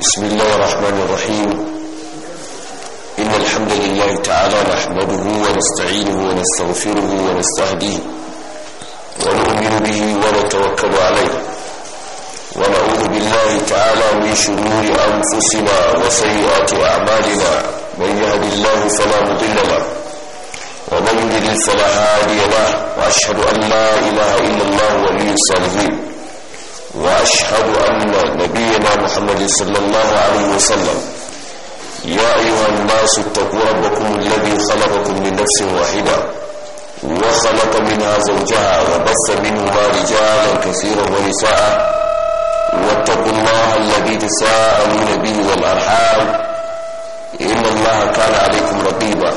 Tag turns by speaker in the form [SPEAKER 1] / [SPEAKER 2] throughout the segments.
[SPEAKER 1] بسم الله الرحمن الرحيم إن الحمد لله تعالى نحمده ونستعينه ونستغفره ونستهديه ونؤمن به ونتوكل عليه ونعوذ بالله تعالى من شرور أنفسنا وسيئات أعمالنا من يهد الله فلا مضل له ومن يضلل فلا هادي له وأشهد أن لا إله إلا الله ولي الصالحين وأشهد أن نبينا محمد صلى الله عليه وسلم يا أيها الناس اتقوا ربكم الذي خلقكم من نفس واحدة وخلق منها زوجها وبث منهما رجالا كثيرا ونساء واتقوا الله الذي تساءلون به والأرحام إن الله كان عليكم رقيبا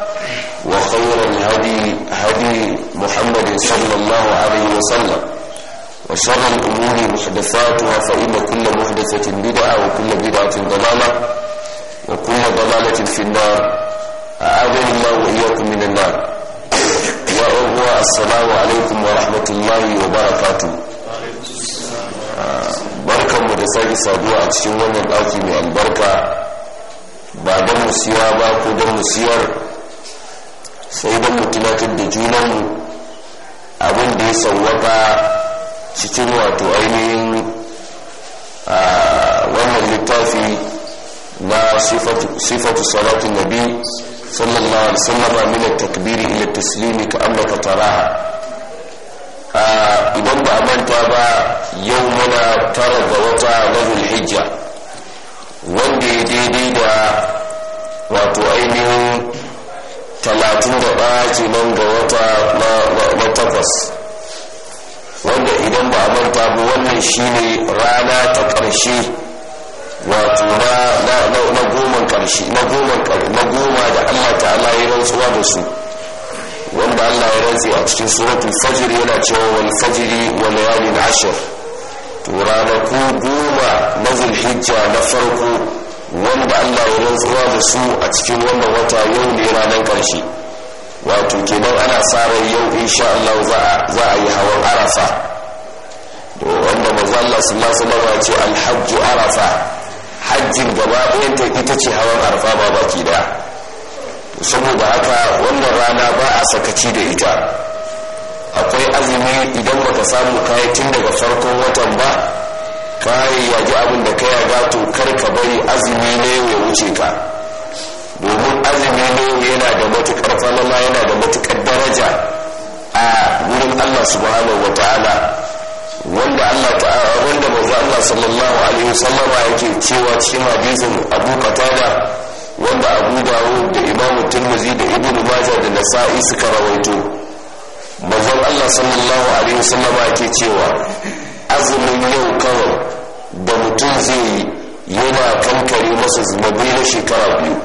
[SPEAKER 1] وخير الهدي هدي محمد صلى الله عليه وسلم وشر الأمور محدثاتها فإن كل محدثة بدعة وكل بدعة ضلالة وكل ضلالة في النار أعاذني الله وإياكم من النار يا أبوة السلام عليكم ورحمة الله وبركاته barkan mu da sake saduwa a cikin wannan ɗaki mai albarka ba don mu siya ba ko don mu siyar sai da mu tunatar da junanmu abin da ya sauwaka cikin wato ainihin wannan littafi na sifatu salatun nabi sallallahu alaihi wasallam min takbiri ila taslimi ka annaka taraha idan ba a manta ba yau muna tara ga wata na hijja wanda ya daidai da wato ainihin talatin da ɗaya nan ga wata na takwas wanda idan ba a manta ba wannan shine rana ta ƙarshe wato na goman ƙarshe na goma da allah ta'ala ya rantsuwa da su wanda allah ya rantsu a cikin suratul fajr yana cewa wal fajri wa layalin ashir to ranaku goma na zulhijja na farko wanda allah ya rantsuwa da su a cikin wannan wata yau ne ranar karshe wato kenan ana sa ran yau insha allah za a yi hawan arafa wanda mazalla su masu alaihi ce alhajju arafa hajjin gaba ɗayanta ita ce hawan arafa ba baki da saboda haka wannan rana ba a sakaci da ita akwai azumi idan baka samu kayan tun daga farkon watan ba ya ji abin da ka ya gato kar ka bari azumi ne ya wuce ka domin azumi ne yana da matukar falama yana da matukar daraja a wurin allah subhanahu wa ta'ala wanda allah ta'ala wanda manzo allah sallallahu alaihi wasallama yake cewa cikin hadisin abu qatada wanda abu dawud da imam tirmidhi da ibn majah da nasa'i suka rawaito manzon allah sallallahu alaihi wasallama yake cewa azumin yau kawai da mutum zai yi yana kankare masa zunubi na shekara biyu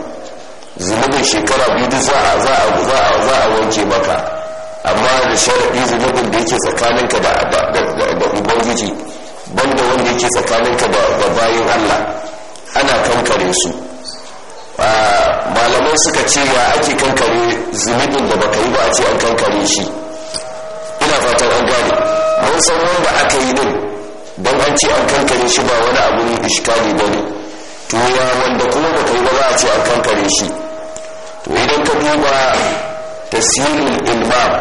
[SPEAKER 1] zunubin shekara biyu duk za a wanke maka amma da sharaɗi zunubin da yake tsakaninka da ubangiji banda wanda yake tsakaninka da bayan allah ana kankare su malaman suka ce ya ake kankare zunubin da baka yi ba a ce an kankare shi ina fatan an gane mun san wanda aka yi din don an ce an kankare shi ba wani abu ne iskali ba ne to ya wanda kuma ba kai ba za a ce an kankare shi to idan ka duba tasirin ilmam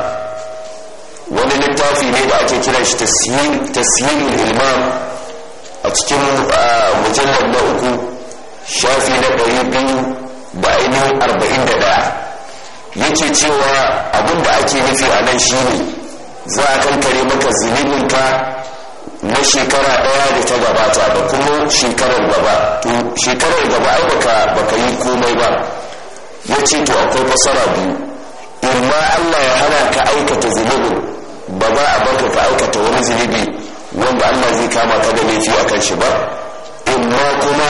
[SPEAKER 1] wani littafi ne da ake kira shi tasirul ilmam a cikin mujallar na uku shafi na ɗari biyu ba ainihin arba'in da ɗaya yake cewa abin da ake nufi a nan shine za a kankare maka zinibinka na shekara ɗaya da ta gabata da kuma shekarar gaba to shekarar gaba ai baka baka yi komai ba yace to akwai fasara biyu imma Allah ya hana ka aikata zunubi ba ba a baka ka aikata wani zunubi wanda Allah zai kama ka da laifi akan shi ba imma kuma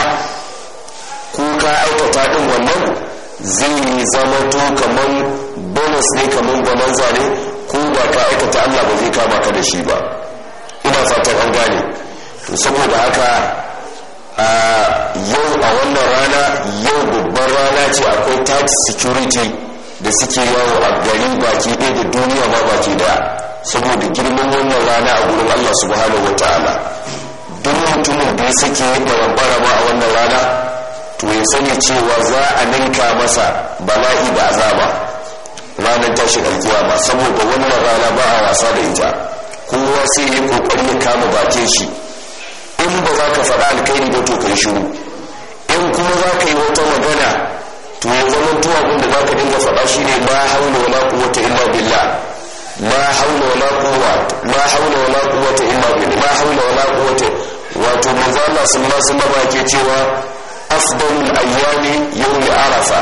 [SPEAKER 1] ko ka aikata din wannan zai zama to kamar bonus ne kamar gwamnati zane ko ba ka aikata Allah ba zai kama ka da shi ba ina fatan an gane to saboda haka a yau a wannan rana yau babban rana ce akwai tax security da suke yawo a garin baki ɗaya da duniya ma baki da saboda girman wannan rana a gurin allah subhanahu wa ta'ala duk mutumin da ya sake a wannan rana to ya sani cewa za a ninka masa bala'i da azaba ranar tashin alkiyama saboda wannan rana ba a wasa da ita kowa sai ya kokari ya kama bakin shi in ba za ka faɗa alkhairi ba to kai shiru in kuma za ka yi wata magana to ya zama tuwa abin da za ka dinga faɗa shi ne ma haula wala quwwata illa billah ma haula wala quwwa ma haula wala quwwata illa billah ma haula wala quwwata wato manzo Allah sallallahu alaihi wasallam ke cewa afdalu ayyami yawm arafa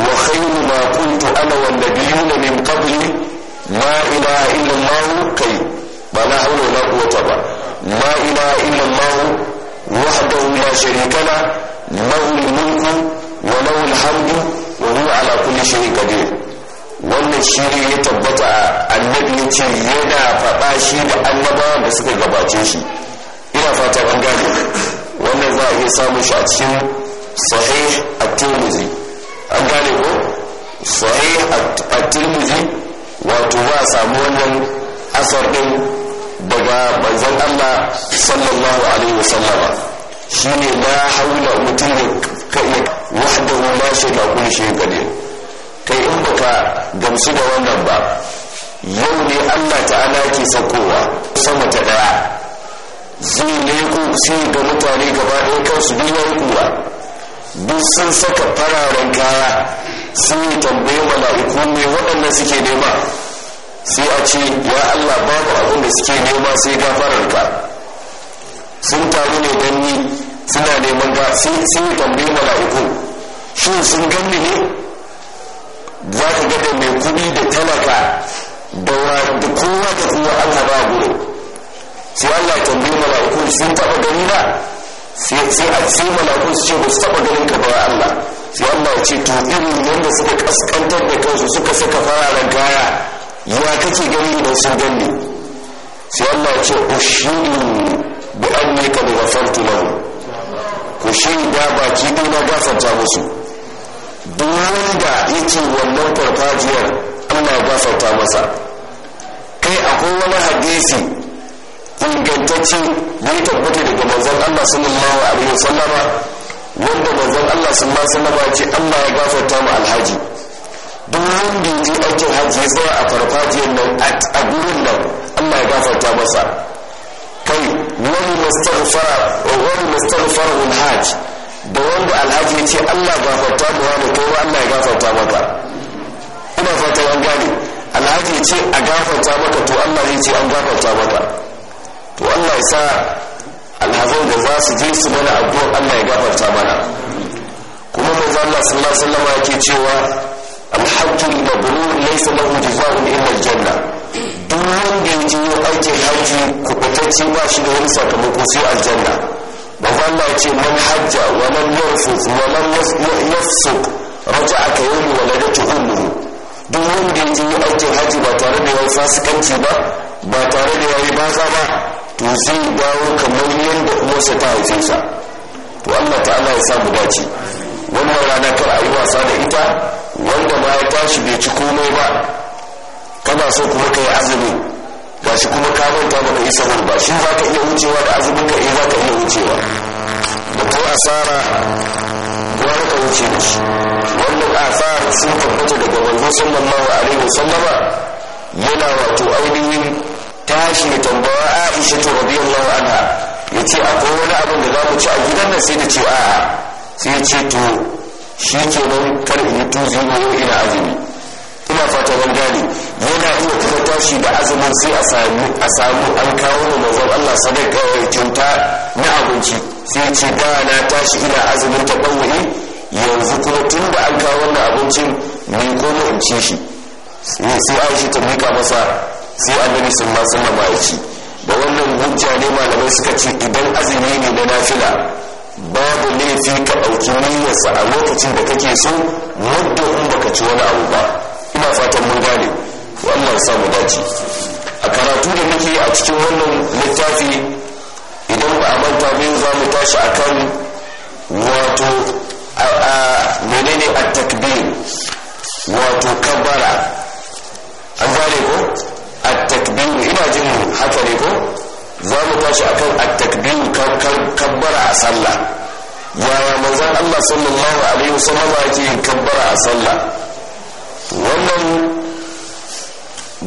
[SPEAKER 1] wa khayru ma kuntu ana wan nabiyuna min qabli ma ilaha illa allah kai ba na haula wala ba ma ilaha illa allah wahdahu wula shirikana la mulku wa lahu alhamdu wa huwa ala kulli shay'in qadir wannan shiri ya tabbata a annabi ce yana faɗa shi da annabawa da suka gabace shi ina fata an gane wannan za a iya samun shi a cikin sahih at-tirmidhi an gane ko sahih at-tirmidhi wato ba a samu wannan asar din daga manzon Allah sallallahu alaihi wasallama shine la haula mutum ya kai wahdahu la shayka kullu shay'in qadir kai in baka gamsu da wannan ba yau ne Allah ta'ala ke sakowa sama ta ɗaya. zai ku sai ga mutane gaba ɗaya kansu biyar kuwa. duk sun saka fararen kaya sun yi tambaye mala'iku ne waɗanda suke nema sai a ce ya allah babu abin da suke nema sai ka sun taru ne don ni suna neman ga sun yi tambayi mala'iku shi sun ganni ne za ka ga da mai kudi da talaka da kowa da kuma an haɗa gudu sai allah tambayi mala'iku sun taɓa gani ba sai a ce mala'iku su ce ba su taɓa ganin ka ba allah sai allah ce to irin yadda suka kaskantar da kansu suka saka fararen kaya ya kake gani idan sun ganni sai Allah ya ce ushidu bi da ghafartu lahum ku shaida baki ne na gafarta musu duk wanda yake wannan farfajiyar Allah ya gafarta masa kai akwai wani hadisi ingantacce ya tabbata daga manzon Allah sallallahu alaihi wasallama wanda manzon Allah sallallahu alaihi wasallama ya ce Allah ya gafarta mu alhaji wanda da yi aikin hajji ya tsaya a farfajiyar nan a gurin nan allah ya gafarta masa kai wani mastaghfara wani mastaghfara hajj da wanda alhaji ya ce allah gafarta mu wani kai allah ya gafarta maka ina fata an gane alhaji ya ce a gafarta maka to allah ya ce an gafarta maka to allah ya sa alhazan da za su je su mana abuwan allah ya gafarta mana kuma manzo allah sallallahu alaihi wasallam yake cewa alhajju mabrur laysa lahu jazaa'un illa aljanna duk wanda ya ji je aikin hajji kubatacce ba shi da wani sakamako sai aljanna ba Allah ya ce man hajja wa man yarfus wa man yafsuq raja'a ka yawmi waladatu ummuhu duk wanda ya ji je aikin hajji ba tare da yayi fasikanci ba ba tare da yayi baza ba to zai dawo kamar yadda uwarsa ta haife sa to Allah ta'ala ya samu dace wannan rana kar a yi wasa da ita wanda ma ya tashi bai ci komai ba kana so kuma ka yi azumi ba shi kuma ka manta ba ka yi sahur ba shi za ka iya wucewa da azumin ka eh, za ka iya wucewa da ko asara gwara ka wuce da shi wannan asara sun tabbata daga manzo sallallahu alaihi wasallama yana wato ainihin tashi ya tambawa aisha ta radiyallahu anha yace akwai wani abin da za mu ci a gidan nan sai da ce a'a sai ce to shi ke nan kar in yi tuzi yau ina azumi ina fata ban gane yana iya kuma tashi da azumin sai a samu an kawo da mazan Allah sadar kawai kyauta na abinci sai ce ba na tashi ina azumin ta yanzu kuma tun da an kawo wannan abincin ni koma in ci shi sai shi ta mika masa sai a gani sun masu ya da wannan hujja ne malamai suka ce idan azumi ne na nafila babu laifi ka ɗauki niyyarsa a lokacin da kake so muddin in baka ci wani abu ba ina fatan mun gane wannan samu dace a karatu da muke a cikin wannan littafi idan ba a manta biyu za mu tashi akan wato a menene a takbir wato kabbara an gane ko a takbir ina jin haka ne ko za mu tashi akan a takbir kabbara a sallah yaya manzan allah sallallahu alaihi wasallama ke kabbara a sallah wannan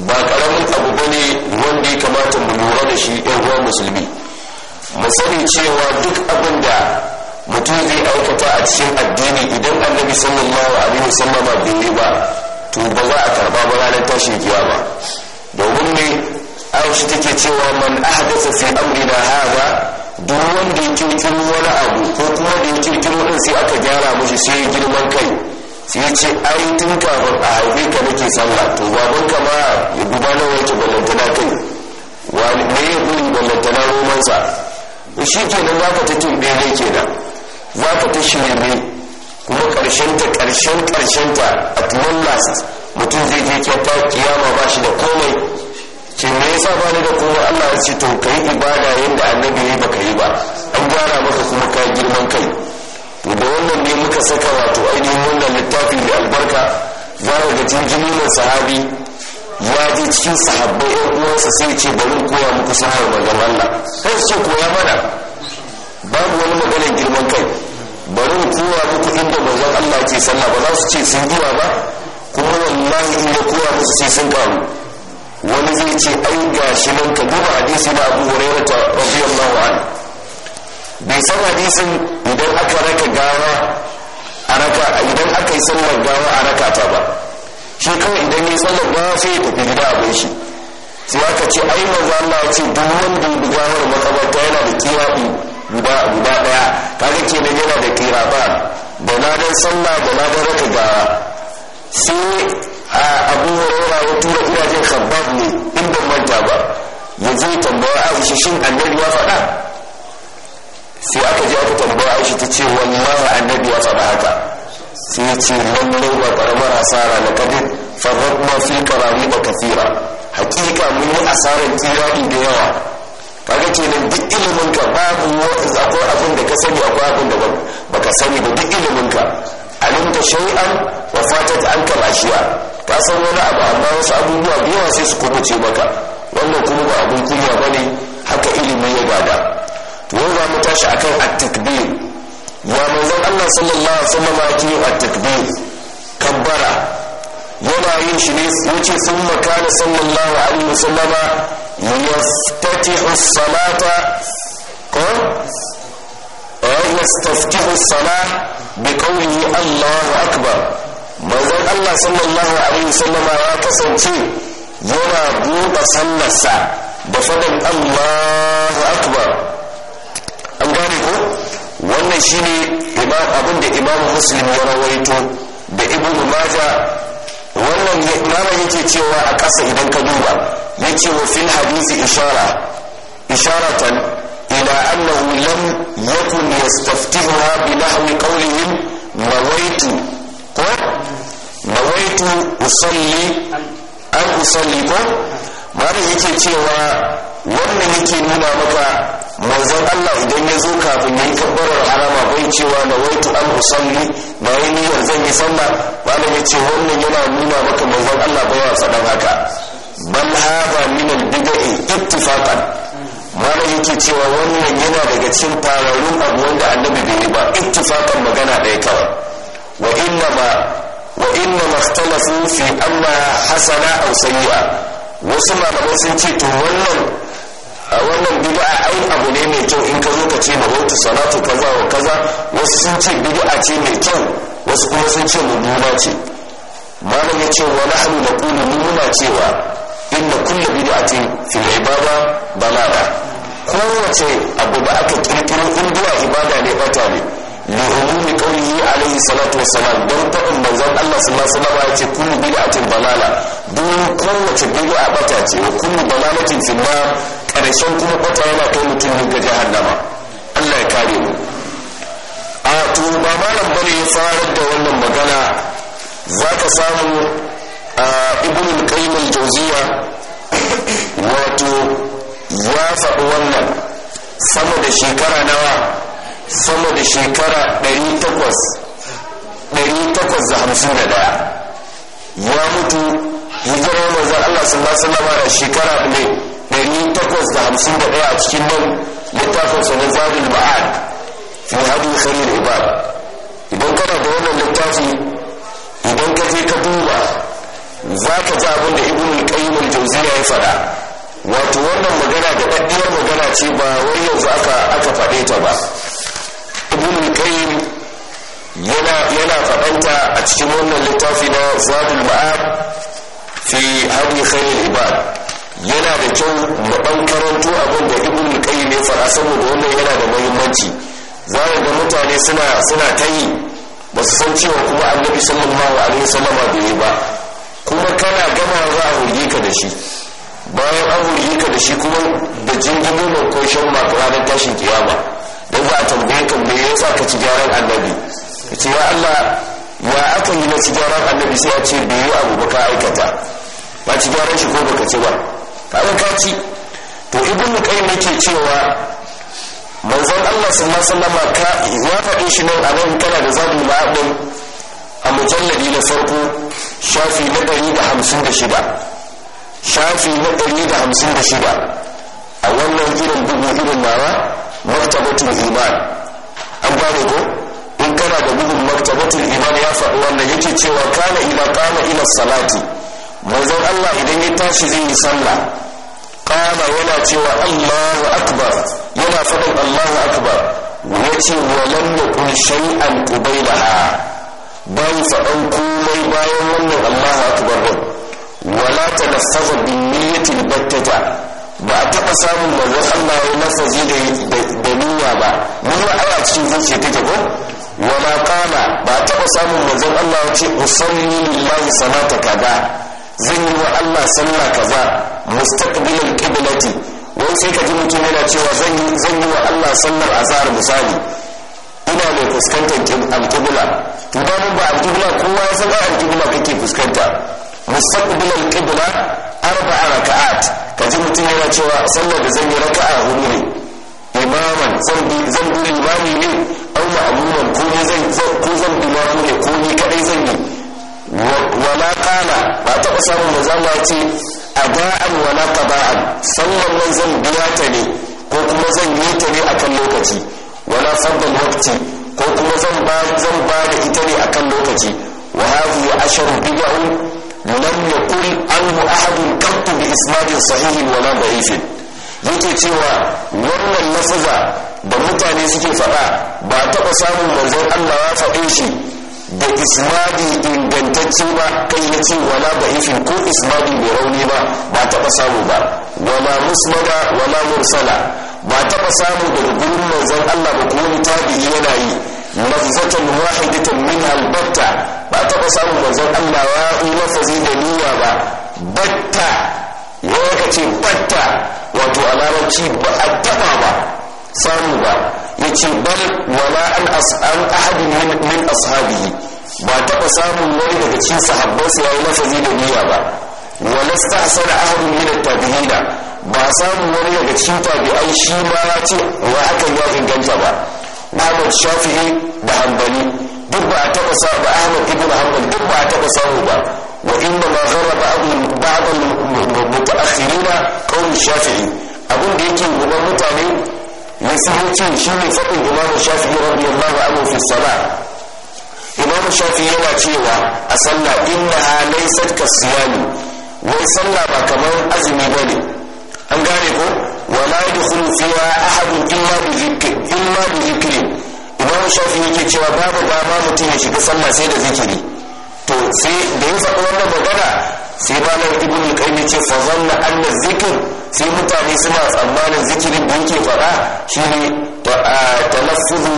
[SPEAKER 1] ba karamin abu bane wanda ya kamata mu lura da shi ɗan uwan musulmi mu sani cewa duk abin da mutum zai aikata a cikin addini idan annabi sallallahu alaihi wasallama bai yi ba to ba za a karba ba ranar giya ba domin ne aisha take cewa man ahdasa fi amrina hadha duk wanda ya kirkiro wani abu ko kuma da ya kirkiro din sai aka gyara mashi sai ya girman kai sai ya ce ai tun kafin a haife ka nake sallah to baban ka ma ya duba na wanke ballantana kai wani ne ya guri ballantana romansa shi nan za ka ta ne ke nan za ka ta shirme kuma karshen ta ƙarshen karshen ta at one last mutum zai je kyauta kiyama ba shi da komai ce me yasa ba ni da kuma Allah ya ce to kai ibada yadda annabi ya baka yi ba an gyara maka kuma ka girman kai to da wannan ne muka saka wato ainihin wannan littafin da albarka za ga jinjini mai sahabi ya je cikin sahabbai yan uwansa sai ce bari koya muku sahar magan Allah sai ce koya mana babu wani maganar girman kai bari koya muku inda magan Allah ke sallah ba za su ce sun giwa ba kuma wallahi in ya koya musu sai sun karu wani zai ce ai shi nan ka duba hadisi na abu ta rabiyar mawa'an bai san hadisin idan aka raka gawa a raka idan aka yi sallar gawa a raka ta ba shi kawai idan yi sallar gawa sai ya tafi gida abin shi sai aka ce ai ma za ya ce duk wanda ya gawar makabarta yana da kirabi guda guda daya kaga nan yana da ba da na dan sallah da na dan raka gawa sai a abu hurairah ya tura iyajin khabbab ne in ban manta ba ya je tambaya aisha shin annabi ya faɗa sai aka je aka tambaya aisha ta ce wallahi annabi ya faɗa haka sai ce lallai ba karamar hasara na kadin farrakna fi karami da kafira hakika mun yi asarar kirari da yawa kaga kenan duk ilimin ka babu wani akwai abin da ka sani akwai abin da baka sani ba duk ilimin ka alimta shay'an wa fatat anka ashiya ka san wani abu amma wasu abubuwa da yawa sai su kubuce maka wannan kuma ba abun kunya ba ne haka ilimin ya gada to yau za mu tashi akan at-takbir ya manzon Allah sallallahu alaihi wasallam yake yin at-takbir kabbara yana yin shi ne yace thumma kana sallallahu alaihi wasallam yaftatihu as-salata ko eh, yaftatihu as-salah bi qawlihi Allahu akbar manzon Allah sallallahu alaihi wasallama ya kasance yana buɗe sallarsa da faɗin Allahu akbar an gane ko wannan shine imam abin da imam muslim ya rawaito da ibnu maja wannan imam yake cewa a ƙasa idan ka duba yace wa fil hadisi ishara isharatan ila annahu lam yakun yastaftihuha bi nahwi qawlihim nawaitu ko nawaitu usalli an usalli ko malam yake cewa wannan yake nuna maka manzon Allah idan ya zo kafin yin kabbarar harama bai cewa nawaitu an usalli na yi niyyar zan yi sallah malam yake cewa wannan yana nuna maka manzon Allah bai wa faɗan haka bal hada min al bid'i ittifaqan malam yake cewa wannan yana daga cikin fararun abu wanda annabi bai yi ba ittifaqan magana ɗaya kawai wa inna ma wa inna makhtalafu fi amma hasana aw sayyi'a wasu malamai sun ce to wannan a wannan ai abu ne mai kyau in ka zo ka ce mahautu salatu kaza wa kaza wasu sun ce bid'a ce mai kyau wasu kuma sun ce mu mummuna ce malam ya ce wa nahnu naqulu mummuna cewa inna kullu bid'atin fil ibada balala kowace abu da aka kirkiro in ibada ne bata ne لعموم قوله عليه الصلاة والسلام دون أن بزن الله صلى الله عليه وسلم كل بدعة ضلالة دون قوة بدعة بتاتي وكل ضلالة في النار كان يسون كل بطا يلا كل جهنم الله يكاريه آتوا ما مالك بني يفارد دون مجانا ذاك سامو ابن القيم الجوزية واتوا يافق ونن sama da shekara sama da shekara 851 ya mutu hijirar manzan Allah sallallahu alaihi da shekara ne 851 a cikin nan littafin na zabin ba'ad fi hadu khalil ibad idan kana da wannan littafi idan ka je ka duba za ka ji abin da ibn al-qayyim al-jawziya ya fada wato wannan magana da daddiyar magana ce ba wai yanzu aka aka faɗe ta ba ibn qayyim yana yana fadanta a cikin wannan littafi na zadul ma'ab fi hadi khairul ibad yana da kyau mu dan karanto abin da ibn qayyim ya faɗa saboda wannan yana da muhimmanci zai ga mutane suna suna ta yi ba su san cewa kuma annabi sallallahu alaihi wasallam bai yi ba kuma kana gama za a hurge ka da shi bayan an hurge ka da shi kuma da jingimin ko shan ranar tashin kiyama ko ba a tambaye ka me yasa ka ci gyaran annabi ka ce ya Allah ya aka yi na ci gyaran annabi sai ya ce bai yi abu ba ka aikata ba ci gyaran shi ko ba ka ci ba ka ka ci to ibnu qayyim yake cewa manzon Allah sallallahu alaihi wasallam ka ya faɗi shi nan a nan kana da zabi abin a mujalladi na farko shafi na ɗari da hamsin da shida shafi na ɗari da hamsin da shida a wannan irin bugu irin nawa martabatul iman an gane ko in kana da bugun martabatul iman ya faɗi wanda yake cewa kana ila kama ila salati manzon Allah idan ya tashi zai yi sallah kama yana cewa Allahu akbar yana faɗin Allahu akbar yace walam yakun shay'an qablaha bai faɗan komai bayan wannan Allahu akbar wala tanaffaza bin niyyati battata ba a taba samun daga Allah ya lafazi da niyya ba niyya aya cikin zuciya take ko wa ma kana ba a taba samun manzon Allah ya ce usalli lillahi salata kaza zan yi wa Allah sallah kaza mustaqbilan qiblati wai sai ka ji mutum yana cewa zan yi wa Allah sallar azhar misali ina mai fuskantar alƙibla to da ba kowa ya san kibla kake fuskanta mustaqbil al-qibla arba'a raka'at kaji mutum yana cewa sallar da zan yi raka'a hudu ne imaman zan bi zan bi imami ne aw ma'muman ko ne zan ko zan bi mamu ne ko kadai zan yi wala qala ba taɓa samun manzo Allah ya ce ada'an wala qada'an sallar nan biya ta ne ko kuma zan yi ta ne akan lokaci wala fadda waqti ko kuma zan ba da ita ne akan lokaci wa hadhihi asharu lam yaqul anhu ahadun qattu bi isnadin sahihin wala da'ifin yake cewa wannan lafaza da mutane suke faɗa ba taɓa samun manzon Allah ya faɗe shi da isnadi ingantacce ba kai ya ce wala da'ifin ko isnadi mai rauni ba ba taɓa samu ba wala musnada wala mursala ba taɓa samu daga gurin manzon Allah ba kuma tabi'i yana yi lafzatan wahidatan min albatta ba taba samun manzon Allah ya yi zai da niyya ba batta ya ka ce batta wato a larabci ba a taɓa ba samu ba ya ce bal wala an ahadin min ashabihi ba taɓa samun wani daga cikin sahabbansa ya yi lafazi da niyya ba wala stahsana ahadin min tabi'ina ba samun wani daga cikin tabi'ai shi ma ya ce wa hakan ya inganta ba Ahmad Shafi'i da Hanbali duk ba a taɓa sa ba ahmad ibn hanbal duk ba a taɓa samu ba wa inda ma gharaba ba'd al-mutaakhirina qawl shafi'i abin da yake gaban mutane nasihancin shi ne faɗin imam shafi'i radiyallahu anhu fi salah imam shafi'i yana cewa a sallah innaha laysat kasiyami wai sallah ba kamar azumi bane an gane ko wala yadkhulu fiha ahadun illa bi dhikri illa bi dhikri imam shafi yake cewa babu dama mutum ya shiga sallah sai da zikiri to sai da ya faɗi wannan magana sai malam ibn kai qayyim ce fa zanna anna zikr sai mutane suna tsammanin zikirin da yake faɗa shine talaffuzu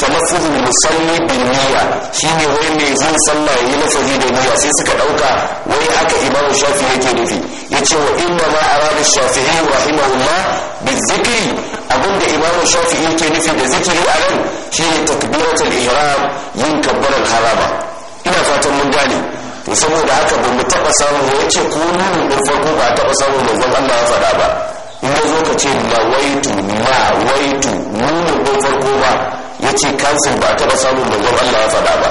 [SPEAKER 1] talaffuzu musalli bil niyya shine wai mai zan sallah yayi lafazi da niyya sai suka ɗauka wai haka imam shafi yake nufi yace wa inna ma arada shafi'i rahimahullah bizikri abinda imam shafi'i yake nufi da zikiri a nan shine takbiratul ihram yin kabbaran haraba. ina fatan mun gane to saboda haka ba mu taba samu yace ko nunin da farko ba taba samu manzon Allah ya faɗa ba in zo ka ce ma-waitu nunin da farko ba yace kansin ba taba samu manzon Allah ya faɗa ba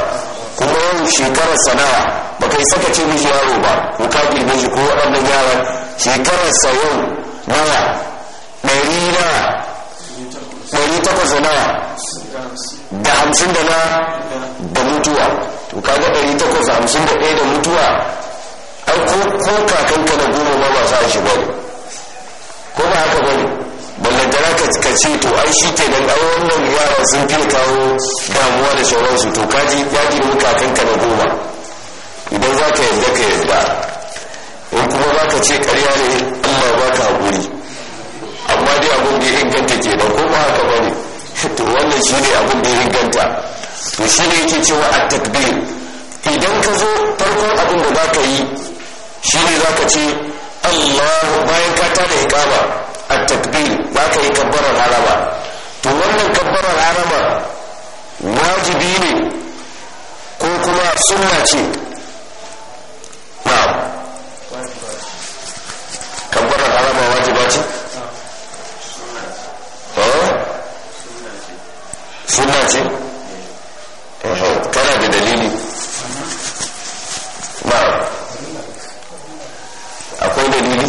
[SPEAKER 1] kuma yau shekarar sana'a ba kai saka ce miji yaro ba ko ka girme shi ko wadannan yaran shekarar sa yau nawa ɗari na ɗari takwas na da hamsin da na da mutuwa to kaga ɗari takwas da hamsin da ɗaya da mutuwa ai ko ko ka na goma ma ba sa shi bane ko ba haka bane dara ka ce to ai shi ke nan wannan yaran sun fiye kawo damuwa da sauransu to kaji ya kakan ka na goma idan za ka yarda ka yarda in kuma za ka ce karya ne in ba ka haƙuri amma dai abin da ya inganta ke da ko ba haka ba ne to wannan shi ne abin da ya inganta to shi ne yake cewa a takbir idan ka zo farkon abin da za ka yi shi ne za ka ce allahu bayan ka tada kama a takbir za ka yi kabbarar harama to wannan kabbarar harama wajibi ne ko kuma sunna ce na'am kabbaran harama wajiba ce eh? sunna ce eh, kana da dalili na'am akwai dalili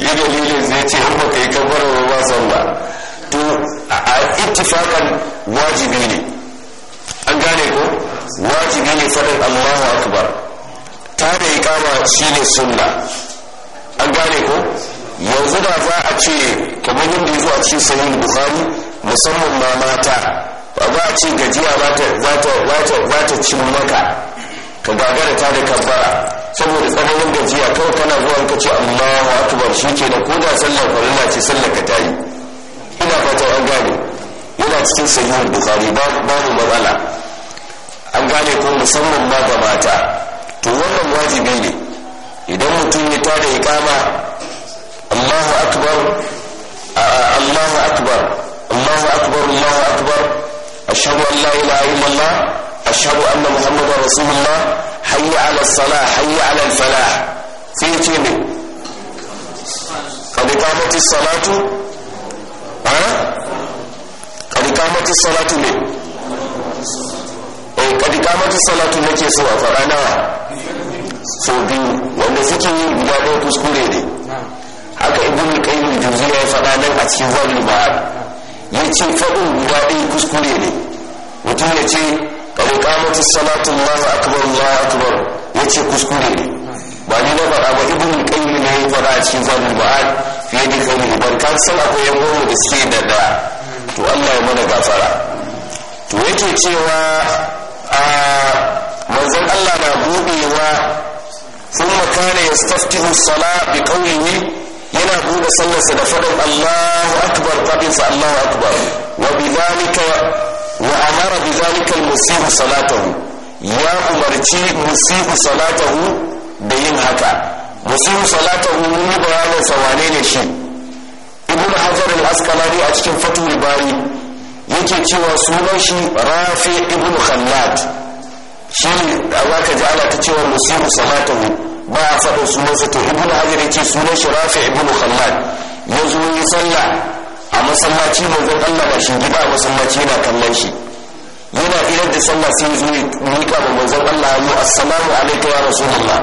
[SPEAKER 1] yi dalilin zai ce in ka yi kabbaran ba sallah ittifakan wajibi ne an gane ko wajibi ne fadar allahu akbar ta da shi shine sunna an gane ko yanzu da za a ce kamar yadda yanzu a cikin sahih bukhari musamman ma mata ba a ce gajiya za ta cin maka ka gagara ta da kabbara saboda tsananin gajiya kawai kana zuwa ka ce allahu akbar shi ke da koda sallar farilla ce sallar ka ta yi ina fatan an gane yana cikin sahihul bukhari babu matsala an gane ko musamman ma ga mata to wannan wajibi ne idan mutum ya tada iqama Allahu akbar Allahu akbar Allahu akbar Allahu akbar ashhadu an la ilaha illallah ashhadu anna muhammadar rasulullah hayya ala salah hayya ala falah sai ce ne qad qamatis salatu ha kamatu salatu ne eh kadi kamatu salatu nake so a fara nawa so biyu wanda yi guda ɗaya kuskure ne haka ibn qayyim juziya ya faɗa nan a cikin zalim ba ce faɗin guda ɗaya kuskure ne mutum ya ce kadi kamatu salatu Allahu akbar Allahu akbar ce kuskure ne ba ni na faɗa ba ibn qayyim ne ya faɗa a cikin zalim ba fiye da kai ban kan san akwai yan da suke da da to Allah ya mana gafara to yake cewa a manzon Allah na buɗewa sun makana ya staftihu sala bi kaulihi yana buɗe sallarsa da faɗin Allahu akbar faɗinsa Allahu akbar wa bi zalika wa amara bi zalika musihu salatahu ya umarci musihu salatahu da yin haka musihu salatahu mun yi bayanin sa wane ne shi ibn hajar al-asqalani a cikin fatul bari yake cewa sunan shi rafi ibn khallad shi Allah ka ji ana ta cewa musiru samatahu ba a faɗin sunansa to ibn hajar yake sunan shi rafi ibn khallad yanzu zo yi sallah a masallaci manzon Allah ba shi gida a masallaci yana kallon shi yana idan da sallah sai zo miƙa ma manzon Allah ya assalamu alayka ya rasulullah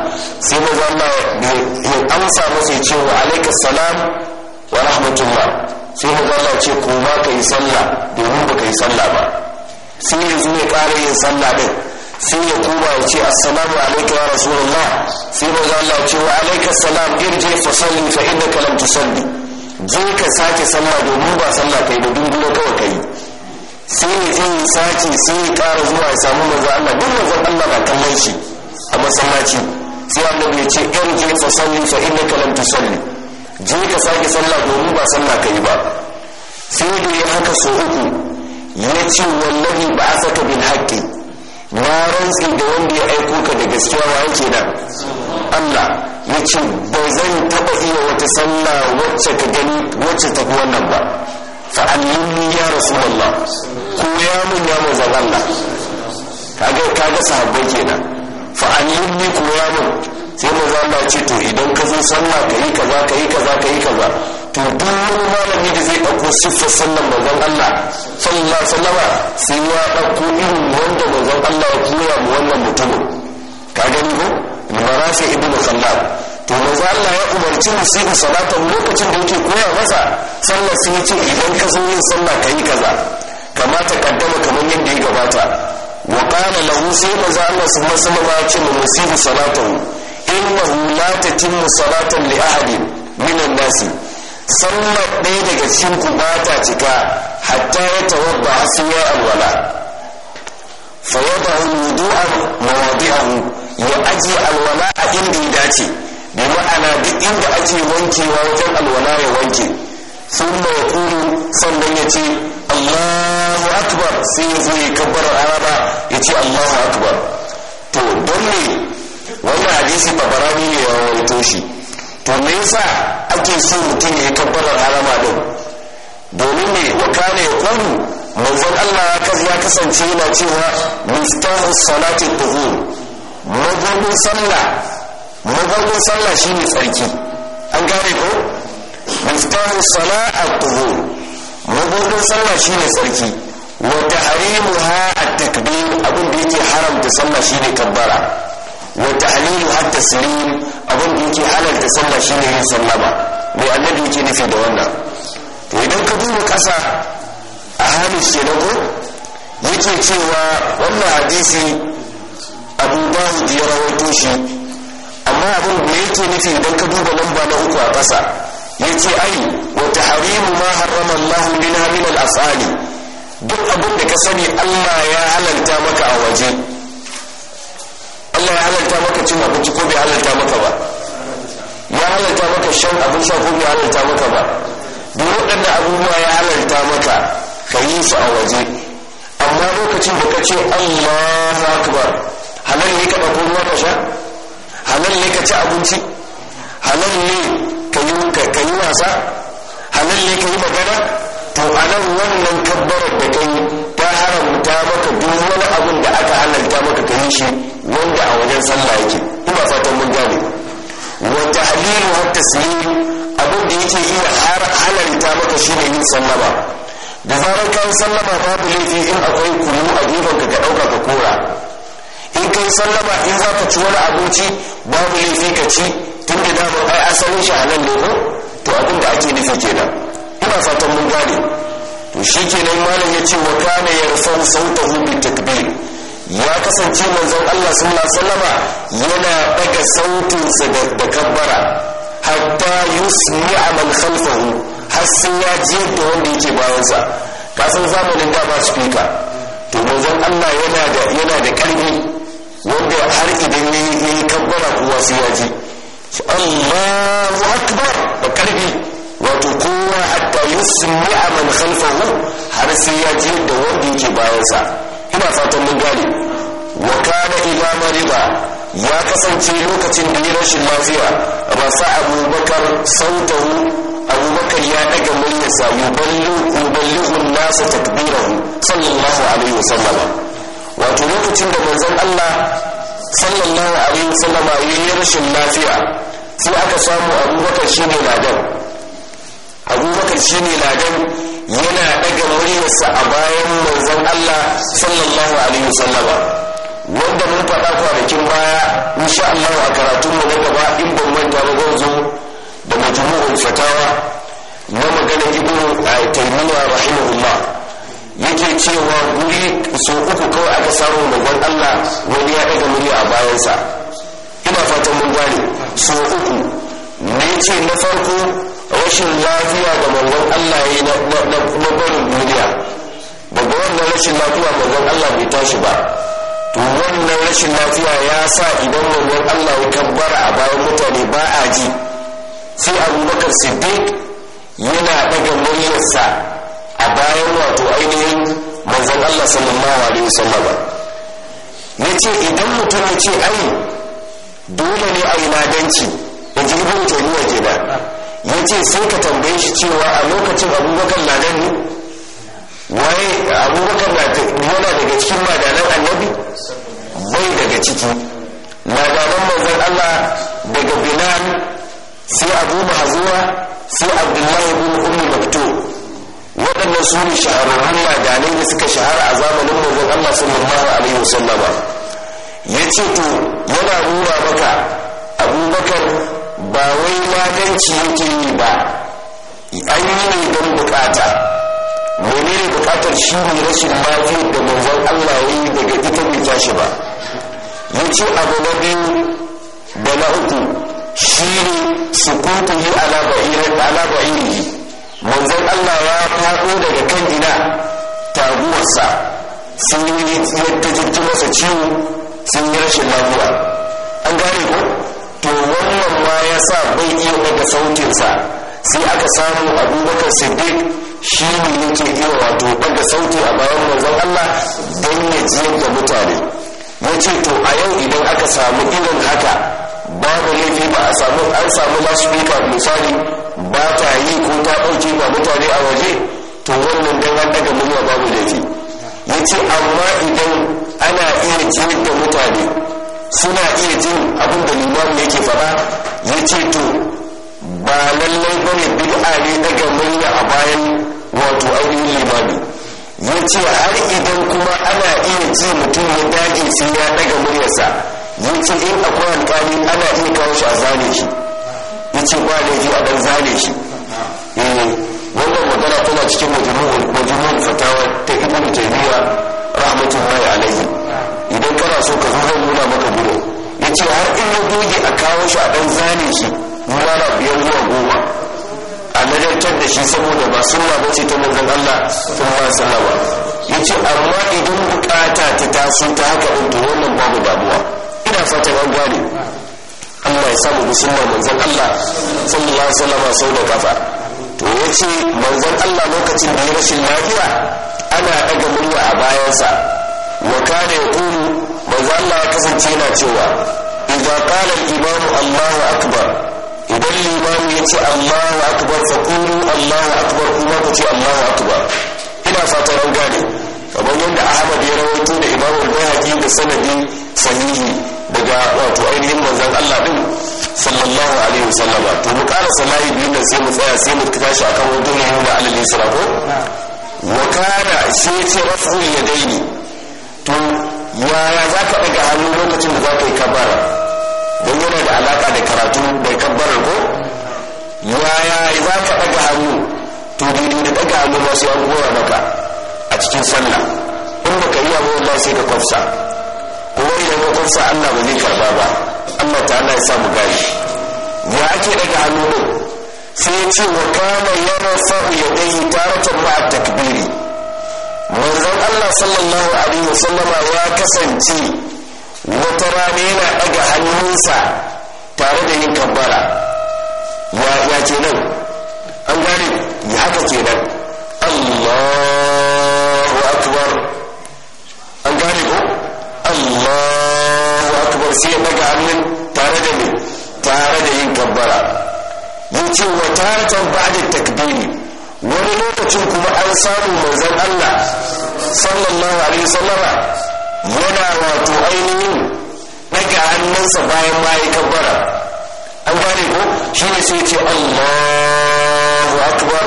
[SPEAKER 1] sai manzon Allah ya amsa masa ya ce wa alayka salam wa rahmatullah sai ya zalla ce ko ma kai sallah domin ba kai sallah ba sai ya zo ya ƙara yin sallah din sai ya kuma ya ce assalamu alayka ya rasulullah sai ya zalla ce wa alayka salam irji fa salli fa innaka lam tusalli je ka sake sallah domin ba sallah kai da dungulo kawai kai sai ya yi sace sake sai ya ƙara zuwa ya samu manzo Allah duk manzo Allah ba kallon shi a masallaci sai annabi ya ce irji fa salli fa innaka lam tusalli je ka sake sallah domin ba sallah ka yi ba sai da ya haka so uku ya ce wallahi ba ka bin haƙƙi na rantsi da wanda ya aiko ka da gaskiya wa yake da Allah ya ce ba zan taɓa iya wata sallah wacce ka gani wacce fi wannan ba fa'allimni ya rasulullah ko ya mun ya manzan Allah kaga kaga sahabbai kenan fa fa'allimni ko ya mun sai manzo za a ce to idan ka zo sallah ka yi kaza ka yi kaza ka yi kaza to duk wani malami da zai ɗauko siffar sallan manzon Allah sallallahu alaihi wasallama sai ya ɗauko irin wanda manzon Allah ya koya mu wannan mutumin ka gani ko marafi ibnu khallab to maza Allah ya umarci mu sai salatan lokacin da yake koya masa sallar sai ya ce idan ka zo yin sallah ka yi kaza kamata kaddama kamar yadda ya gabata wa qala lahu sai manzo Allah subhanahu wa ta'ala ya innahu la tatimmu salatan li ahadin min an-nas sallama ɗaya daga cikin ku ba ta cika hatta ya tawabba asuwa alwala fa ya ba hu wudu'an mawadi'an ya aje alwala a inda ya dace bi ma'ana duk inda ake wankewa wajen alwala ya wanke sun ma sannan ya ce allahu akbar sai ya zo ya kabbar araba ya ce allahu akbar to don ne wannan hadisi tabarani ne ya rawaito shi to me yasa ake so mutum ya kabbara harama din domin ne wa kana yaqulu manzon Allah ya kasance yana cewa miftahu salati tuhur mabudin sallah mabudin sallah shine tsarki an gane ko salatu salati tuhur mabudin sallah shine tsarki wa tahrimuha at-takbir abin da yake haramta sallah shine kabbara wa ta'lilu har taslim abin da yake halarta sallah shine yin sallama mai annabi yake nufi da wannan to idan ka duba kasa a halin kenan yake cewa wannan hadisi abu dawud ya rawaito shi amma abin da yake nufi idan ka duba lamba na uku a kasa yace ai wa harimu ma harrama Allah duk abin ka sani Allah ya halarta maka a waje Allah ya halarta maka cin abinci ko bai halarta maka ba ya halarta maka shan abin sha ko bai halarta maka ba duk waɗanda abubuwa ya halarta maka ka yi su a waje amma lokacin da ka ce Allahu akbar halal ne ka ɗauko ruwa ka sha halal ne ka ci abinci halal ne ka yi wasa halal ne ka yi magana to a nan wannan kabbarar da yi ta haramta maka duk wani abin da aka halarta maka ka yi shi wanda a wajen sallah yake ina fatan mun gane wa tahlilu wa taslim abin da yake iya har halalta maka shine yin sallama da zarar ka sallama babu laifi in akwai kunu a gefen ka ka dauka ka kora in kai sallama in za ka ci wani abinci babu laifi ka ci tun da damar ai asalin shi halal ne ko to abin da ake nufi kenan ina fatan mun gane to shi kenan malam ya ce wa kana yarfau sautahu bi takbir ya kasance manzon Allah sallallahu alaihi yana daga sautinsa da kabbara hatta yusmi'a man khalfahu har sai ya ji da wanda yake bayansa kasan zamanin da ba speaker to manzon Allah yana da yana da karfi wanda har idan yayi kabbara kowa sai ya ji Allahu akbar da karfi wato kowa hatta yusmi'a man khalfahu har sai ya ji da wanda yake bayansa kuma fatan mun gane wa kana idza mariba ya kasance lokacin da ya rashin lafiya ba sa abubakar sautahu abubakar ya daga muryarsa yuballighun nasu takbirahu sallallahu alaihi wasallam wato lokacin da manzon Allah sallallahu alaihi wasallama yayi rashin lafiya sai aka samu abubakar shine ladan abubakar shine ladan yana daga muryarsa a bayan manzon Allah sallallahu alaihi wasallama wanda mun faɗa kwanakin baya insha Allah a mu na gaba in ban manta ba zo da majmu'ul fatawa na maganar ibn eh, taymiya rahimahullah yake cewa guri sau uku kawai aka samu magan Allah wani ya daga murya a bayansa ina fatan mun gane sau uku ne ce na farko rashin lafiya da manzon Allah ya yi na barin duniya daga wannan rashin lafiya manzon Allah bai tashi ba to wannan rashin lafiya ya sa idan manzon Allah ya kabbara a bayan mutane ba a ji sai abubakar siddiq yana daga muryarsa a bayan wato ainihin manzon Allah sallallahu alaihi wasallama ya ce idan mutum ya ce ai dole ne a yi ladanci da jirgin jami'a kenan ya ce sai ka tambaye shi cewa a lokacin abubakar na nan ne waye abubakar na yana daga cikin madanan annabi bai daga ciki madanan mazan allah daga bilal sai abu mahazuwa sai abdullahi bin ummi maktum waɗannan su ne shahararrun madanai da suka shahara a zamanin manzon allah sallallahu alaihi wasallama ya ce to yana rura maka abubakar ba wai wadanci yake yi ba an yi ne don bukata menene bukatar shi ne rashin mafi da manzon Allah yi daga ita bai tashi ba yace abu na biyu da na uku shi ne su ala ba'irin ala manzon Allah ya fado daga kan gida taguwarsa sun yi ta jirgin masa ciwo sun yi rashin lafiya an gane ko ya sa bai iya daga sautinsa sai aka samu abubakar siddiq shi ne yake iya wato daga sauti a bayan manzon allah don ya jiyar da mutane ya ce to a yau idan aka samu irin haka babu laifi ba a samu an samu lasfika misali ba ta yi ko ta ɗauki ba mutane a waje to wannan don an daga murya babu laifi ya ce amma idan ana iya jiyar da mutane suna iya jin abin da limamu yake faɗa ya ce to ba lallai ba ne bid'a ne daga murya a bayan wato ainihin limami ya ce har idan kuma ana iya ji mutum ya dage sai ya daga muryarsa ya ce in akwai alƙali ana iya kawo shi a zane shi ya ce ba a ɗan zane shi eh, wannan magana tana cikin majalisar fatawa ta ibnu taymiya rahmatullahi alaihi idan kana so ka zo nuna maka gudu ya ce har in ya doge a kawo shi a ɗan zane shi na biyar zuwa goma a nagartar da shi saboda ba sunna ba ce ta manzon Allah sun ba sallama ya ce amma idan bukata ta taso ta haka in to wannan babu damuwa ina fatan an gane Allah ya samu musulma manzon Allah sallallahu alaihi wasallam sau da kafa to ya ce manzon Allah lokacin da ya rashin lafiya ana ɗaga murya a bayansa wa kana yaqulu manzo Allah ya kasance yana cewa idza qala al-imam Allahu akbar idan limam ya ce Allahu akbar fa qulu Allahu akbar kuma ku ce Allahu akbar ina fatan an gane kamar yadda Ahmad ya rawaito da Imam al-Baihaqi da sanadi sahihi daga wato ainihin manzon Allah din sallallahu alaihi wasallama to mu kara salahi biyu nan sai mu tsaya sai mu tashi akan wajen yayin da alal yusra ko wa to yaya za ka ɗaga hannu lokacin da za ka yi kabbara don yana da alaƙa da karatu da kabbarar ko yaya za ka ɗaga hannu to daidai da ɗaga hannu ba sai an kora maka a cikin sallah in ba ka yi abu Allah sai ka kwafsa kuma idan ka kwafsa Allah ba zai karba ba Allah ta Allah ya sa mu ya ake ɗaga hannu ɗin sai ce wa kama yana sa'u ya dai taratan ma'a takbiri manzon Allah sallallahu alaihi wasallama ya kasance wata rana yana daga hannunsa tare da yin kabbara ya ya ce nan an gane ya haka ce nan Allahu akbar an gane ko Allahu akbar sai ya daga hannun tare da ne tare da yin kabbara yace wa taratan ba'da takbiri wani lokacin kuma an samu manzon Allah sallallahu alaihi wasallama yana wato ainihin daga hannunsa bayan bayi kabbara an gane ko shi ne sai ce Allahu akbar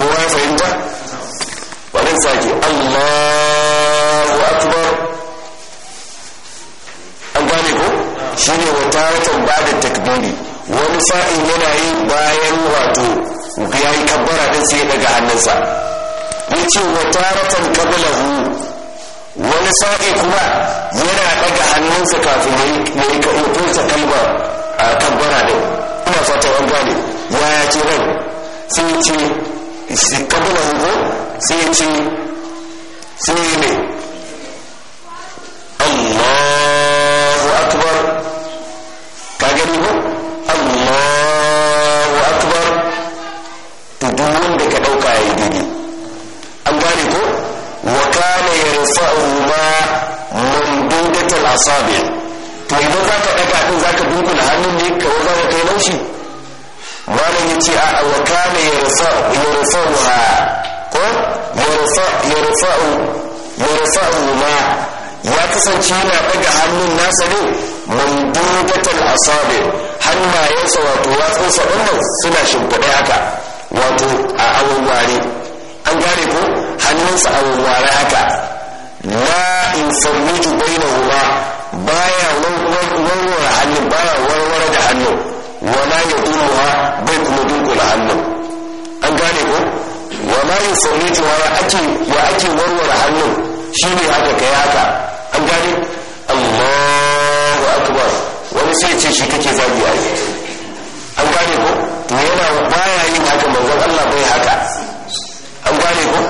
[SPEAKER 1] kowa ya fahimta wannan sake Allahu akbar an gane ko shi ne wata watan ba da takbiri wani sa'in yana yi bayan wato ya yi kabbara ɗin sai daga hannunsa ya ce wa taratan kabilahu wani sa'i kuma yana daga hannunsa kafin ya yi furta kalmar a kabbara ɗin ina fata wani gane ya ce ran sai ya ce kabilahu ko sai ya ce sai ya ne Allahu akbar ka gani ko وكان يرفعهما ممدودة الأصابع to idan za ka ɗaga ɗin zaka ka dunkula hannun ne ka wajen ka kai laushi malam ya ce a wa kana ya rufa'u ha ya rufa'u ma ya kasance ɗaga hannun nasa ne mamdudatal asabi hannayensa wato yatsunsa ɗin suna shimfiɗe haka wato a awon ware an gane ko hannunsa a wawware haka la in farruju ba baya warware hannun baya warware da hannun wala ya dumuwa bai kuma dunkula hannun an gane ko wala ya farruju wa ake wa ake warware hannun shine haka kai haka an gane Allahu akbar wani sai ce shi kake zagi a an gane ko to yana baya yin haka manzon Allah bai haka an gane ko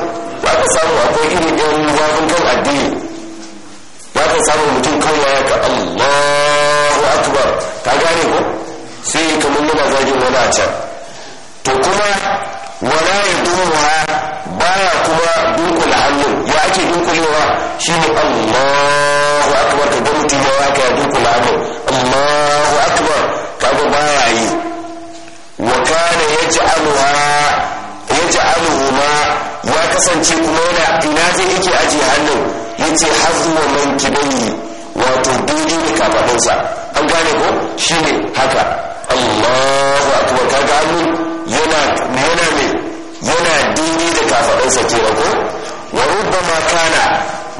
[SPEAKER 1] ba ka samu akwai irin yan zafin kan addini ba ka samu mutum kawai ya ka allahu akbar ka gane ko sai kamar yana zagin wani a can to kuma wala ya duwa baya kuma dunkula hannun ya ake dunkulewa shi ne allahu akbar ka ga mutum ya ka ya dunkula hannun allahu akbar ka ga baya yi wa kana yaj'aluha waje ma ya kasance kuma yana ina zai yake aji hannun hazu wa man kibayi wato dudu da kafadunsa an gane ko shi ne haka allahu akbar kaga hannun yana yana ne yana dudu da kafadunsa ke ko wa ma kana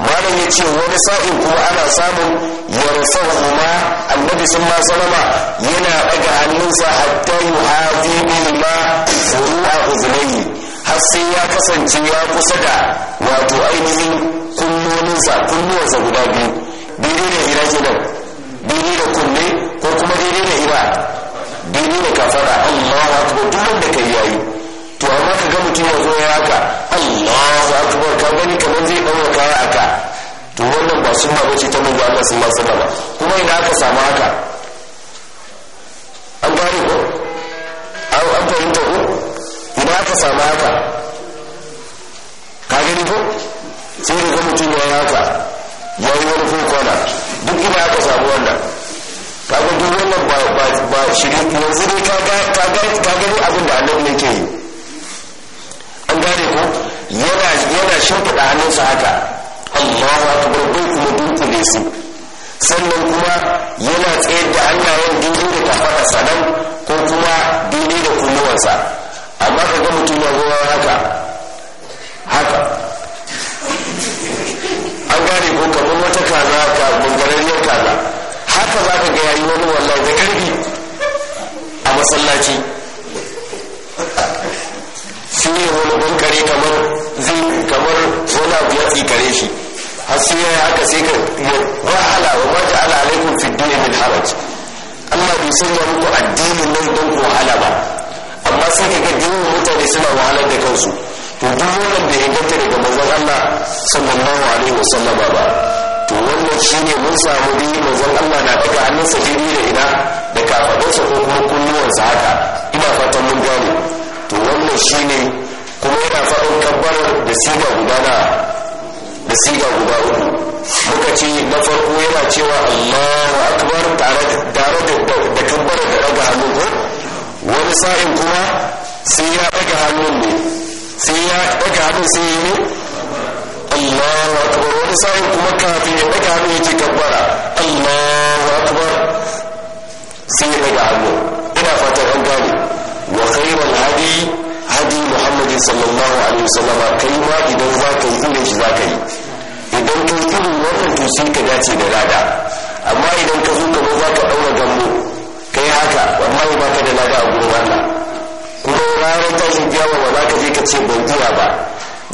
[SPEAKER 1] malam ya ce wani sa'in kuma ana samun yarsa huma annabi sun ma salama yana daga hannunsa sai ya kasance ya kusa da wato ainihin kunnoninsa kunnuwansa guda biyu daidai da ira da daidai da kunne ko kuma daidai da ira daidai da kafara wa akbar duk wanda ka yayi to amma ka ga mutum ya zo ya haka allahu akbar ka gani kamar zai ɗaura kaya ka to wannan ba ba bace ta manzo Allah sun masu wasallam kuma ina aka samu haka an gane ko an fahimta idan aka samu haka ka gani ko sai da ga mutum ya haka ya yi wani kokona duk ina aka samu wannan ka ga duk wannan ba shirin yanzu ne ka gani abin da annabi ne ke yi an gane ko yana shimfiɗa hannunsa haka allahu akbar bai kuma dunkule su sannan kuma yana tsayar da hannayen daidai da kafaɗa sanan ko kuma daidai da sa. amma ka ga mutum ya haka haka an gane ko kamar wata kaza ka bungararriyar kaza haka za ka ga yayi wani wallahi da karfi a masallaci shi ne wani bunkare kamar zai kamar wani abu ya tsikare shi har sai ya haka sai ka wahala wa ma ala alaikum fid ya min haraj Allah bai sanya muku addinin nan don ku wahala ba amma sai ka ga dinin mutane suna wahalar da kansu to duk wannan bai inganta daga manzon Allah sallallahu alaihi sallama ba to wannan shine mun samu dai manzon Allah na daga sa jini da ina da kafadansa ko kuma sa haka ina fatan mun gane to wannan shine kuma yana faɗin kabbar da siga guda na da siga guda uku muka ce na farko yana cewa Allahu akbar tare da da kabbalar da daga hannu ko wani sa'in kuma sai ya daga hannun ne sai ya daga hannun sai ya ne Allahu akbar wani sa'in kuma kafin ya daga hannun yake kabbara Allahu akbar sai ya daga hannun ina fatan an gane wa khairul hadi hadi Muhammad sallallahu alaihi wasallam kai ma idan za ka yi ne shi za ka yi idan ka yi irin wannan to sai ka dace da lada amma idan ka zo ka ba za ka daura gambo kai haka wallahi ba ka da lada a gurin Allah kuma ranar tashin kiyama ba za ka je ka ce ban iya ba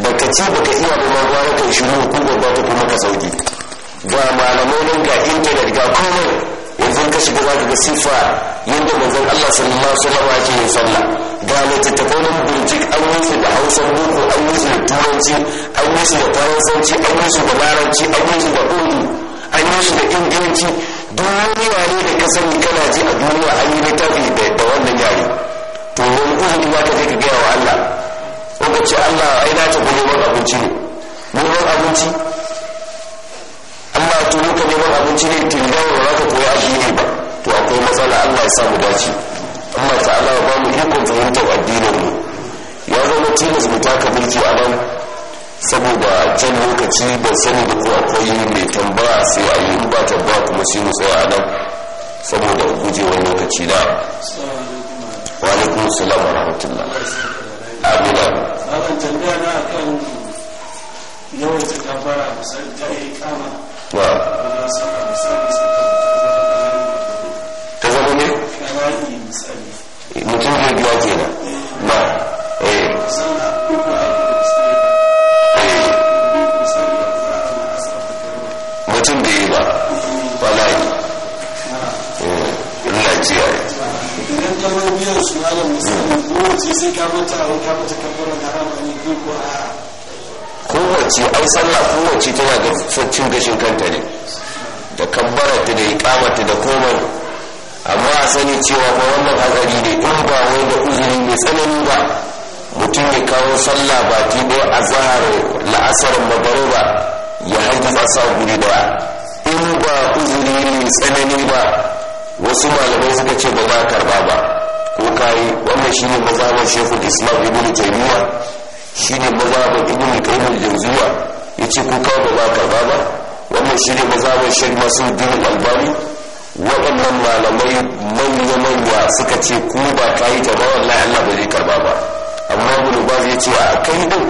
[SPEAKER 1] da ka ce ba ka iya ba ma gwara kai shiru hukumar ba ta kuma ka sauki ga malamai ga intanet ga komai yanzu ka shiga za ka ga siffa yadda manzon Allah sallallahu alaihi wasallam yake yin sallah ga littattafai na burjik an yi su da Hausa boko an yi su da Turanci an yi su da Faransanci an yi su da Larabci an yi su da Urdu an yi su da Ingilanci duk wani yare da ka sani kana ji a duniya an yi littafi da wannan yare to wani uzuri za ka je ka gaya wa Allah ko ka ce Allah ai na tafi neman abinci ne neman abinci Allah to muka neman abinci ne tilgawa ba za ka koyi addini ba to akwai matsala Allah ya samu dace Allah ta'ala ba mu ikon fahimtar addinin mu ya zama tilas mu taka mulki a nan saboda can lokaci ba saboda ko akwai mai tambaya sai a yi ba tambaya kuma shi mu tsaya nan saboda gujewar lokaci da wa alaikum salam wa rahmatullah amina sabon tambaya na akan yawan ta kafara misali ta yi kama ah, ta zama ne? misali. mutum zai biya kenan ba eh, eh. musulma da kowace sai ka mata a ka mata kabbaran harama ne ko ko a kowace an sallah kowace tana da cin gashin kanta ne da kabbarata da ikamata da komai amma a sani cewa ba wannan hazari ne in ba wai da uzuri mai tsanani ba mutum ya kawo sallah ba ti a zahar la'asar ba ya haddasa sa guri daya in ba uzuri mai tsanani ba wasu malamai suka ce ba ba karba ba kayi wannan ne mazhabar shekul islam ibn taymiya shine mazhabar ibn qayyim al-jawziya yace ko ka ba karba ba wannan ne mazhabar shek masu dinin albani waɗannan malamai manya manya suka ce ku ba kayi ta ba wallahi Allah ba zai karba ba amma ba zai ce a kai din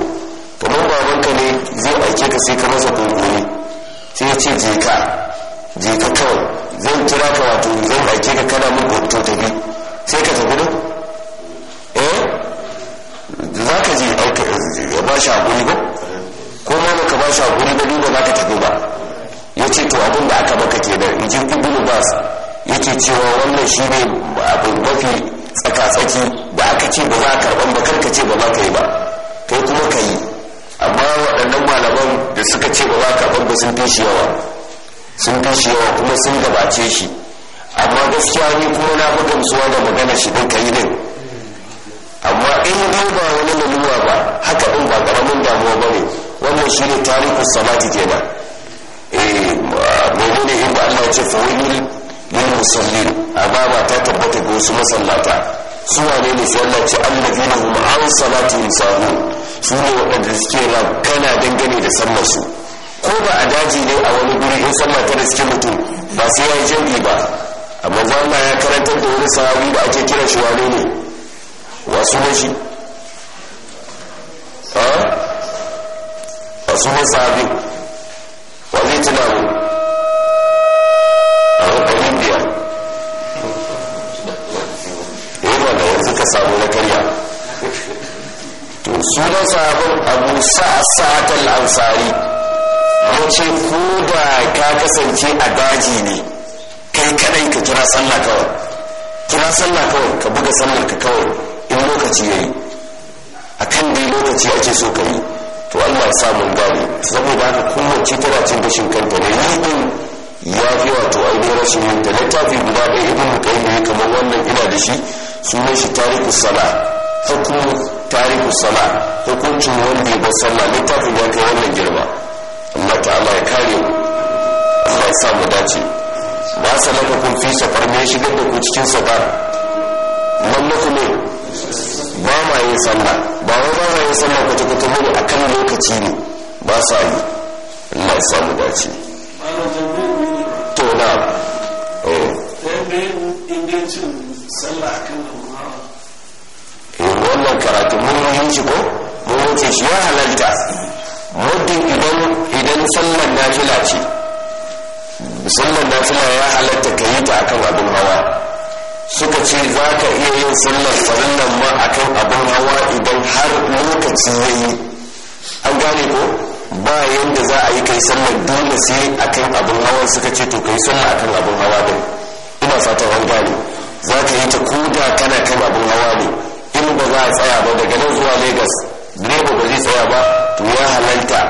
[SPEAKER 1] kamar ka ne zai aike ka sai ka masa kunkuri sai ya ce je ka je ka kawai zan kira ka wato zan aike ka kana mun hoto tafi sai ka tafi din eh za ka je auka ya ba shi haƙuri ba ko ma ba ka ba shi hakuri ba duba za ka tafi ba ya ce to abin da aka baka da in ji ibnu bas ke cewa wannan shi ne abu mafi tsaka-tsaki da aka ce ba za a karɓan ba karka ce ba za ka yi ba kai kuma ka yi amma waɗannan malaman da suka ce ba za a karɓan ba sun fi shi yawa sun fi shi yawa kuma sun gabace shi amma gaskiya ne kuma na fi gamsuwa da magana shi don ka yi din amma in dai ba wani lalura ba haka din ba karamin damuwa ba ne wannan shi ne tarihin salati ba eh ne in ba Allah ya ce fa wailul lil musallin amma ba ta tabbata ga wasu masallata su wane ne sai Allah ce allazina kuma an in samu su ne waɗanda suke kana dangane da sallar su ko ba a daji ne a wani guri in sallar ta da suke mutum ba sai ya yi jam'i ba amma zama ya karantar da wani sahabi da ake kira shi wane ne wasu mashi ha wasu man sahabi wa zai tuna mu a rukunin ya yi wanda yanzu ka samu na karya to sunan sahabin abu sa'atar ansari mun ce ko da ka kasance a daji ne kai kadai ka kira sallah kawai kira sallah kawai ka buga sallar ka kawai in lokaci yayi akan dai lokaci ake so ka yi to Allah samun gane saboda haka kullum ce tana cin gashin kanta ne yi din ya fi wato ainihin rashin yin da littafi guda ɗaya ibn mukayyim ne kamar wannan ina da shi sunan shi sallah sala tarihi sallah sala hukuncin wanda ya bar sallah littafin ya kai wannan girma Allah ta'ala ya kare Allah ya sa mu dace ba sa laka kun fi safar ne shigar da ku cikin safar nan muku ne ba ma yin sallah ba wai ba ma yin sallah ku tuku ta a kan lokaci ne ba sa yi Allah ya samu dace to na eh, eh wannan karatu mun yi shi ko mun wuce shi ya halalta muddin idan idan sallar nafila ce sallar nafila ya halatta ka yi ta akan abin hawa suka ce za ka iya yin sallar farillan ma akan abin hawa idan har lokaci ya yi an gane ko ba yadda za a yi kai sallar dole sai akan abin hawa suka ce to kai sallar akan abin hawa din ina fatan an gane za ka yi ta koda kana kan abin hawa ne in ba za a tsaya ba daga nan zuwa lagos direba ba zai tsaya ba to ya halalta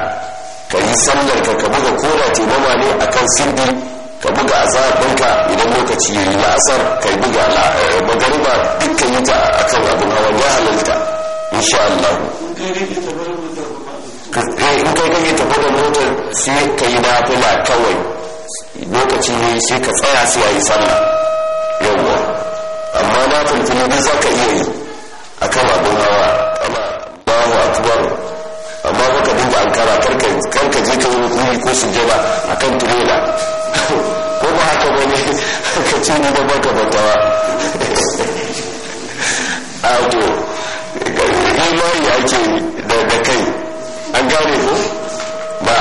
[SPEAKER 1] ka yi sallar ka ka buga koda ce mama ne kan sirri ka buga azabanka idan lokaci ya yi la'asar ka yi buga eh, magariba dukkan yi ta a kan abin hawa ya halalta insha Allah eh, in kai kai ta buga motar sai ka yi nafila kawai lokaci ne sai ka tsaya sai ya yi sallah yawwa amma na tuntun ne za ka iya yi kan abin hawa amma Allahu akbar amma baka dinga ankara karka je ka yi ko su jaba a kan turela ko ba haka ba ne ka ce ni babban ka fatawa ma ah, imani ake da kai an gane ko ba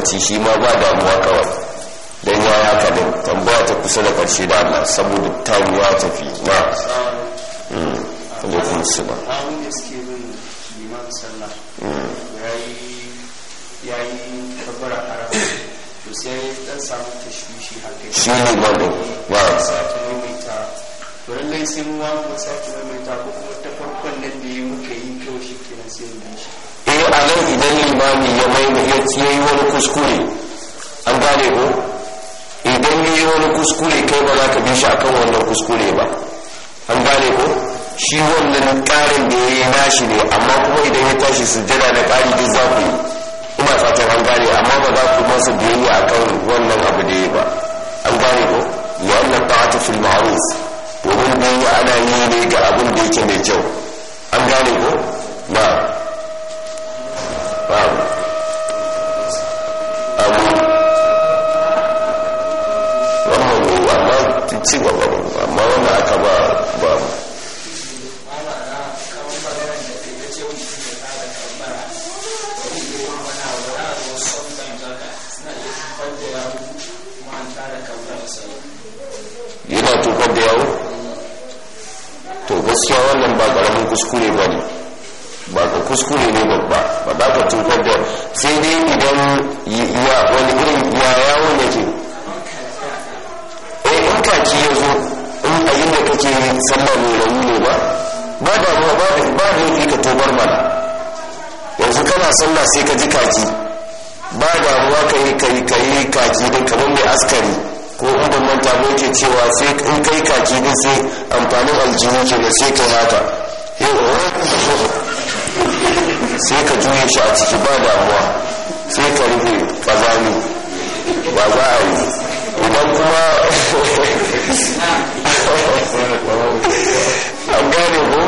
[SPEAKER 1] lokaci shi ma ba damuwa kawai don ya yi haka kanin tambaya ta kusa da karshe da Allah saboda ta ya tafi na shi ne ba wa mu sake maimaita ko kuma ta farkon nan da ya muka yi kyau kenan sai nan idan limami ya mai ya yi wani kuskure an gane ko idan ya yi wani kuskure kai ba za ka bi shi kan wannan kuskure ba an gane ko shi wannan ƙarin da ya yi nashi ne amma kuma idan ya tashi su jira da ƙari duk za ku yi ina fatan an gane amma ba za ku masa biyayya kan wannan abu da ya ba an gane ko ya wannan ta'atu fil ma'ruf domin biyayya ana yi ne ga abin da yake mai kyau an gane ko ba kuskure ba ne ba ka kuskure ne babba ba ba ka tukar da sai dai idan wani irin ya yawo wanda ke eh in kaki ya zo in abin da kake sallah mai rauni ne ba ba da ba ba da ba da yake ka tobar mana yanzu kana sallah sai ka ji kaki ba da ruwa ka yi ka yi kaki din kamar mai askari ko inda manta ba yake cewa sai in kai kaki din sai amfanin aljihu ke da sai kai haka sai ka juye shi a ciki ba damuwa sai ka rufe ba za kazani ba za a yi idan kuma an gane ko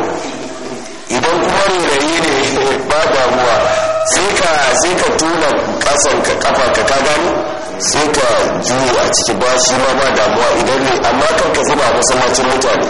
[SPEAKER 1] idan kuma rairayi ne ba damuwa sai ka tuna kasan ka kafa ka ka gani sai ka juye a ciki ba shi ma ba damuwa idan ne amma kan ka zuba masallacin mutane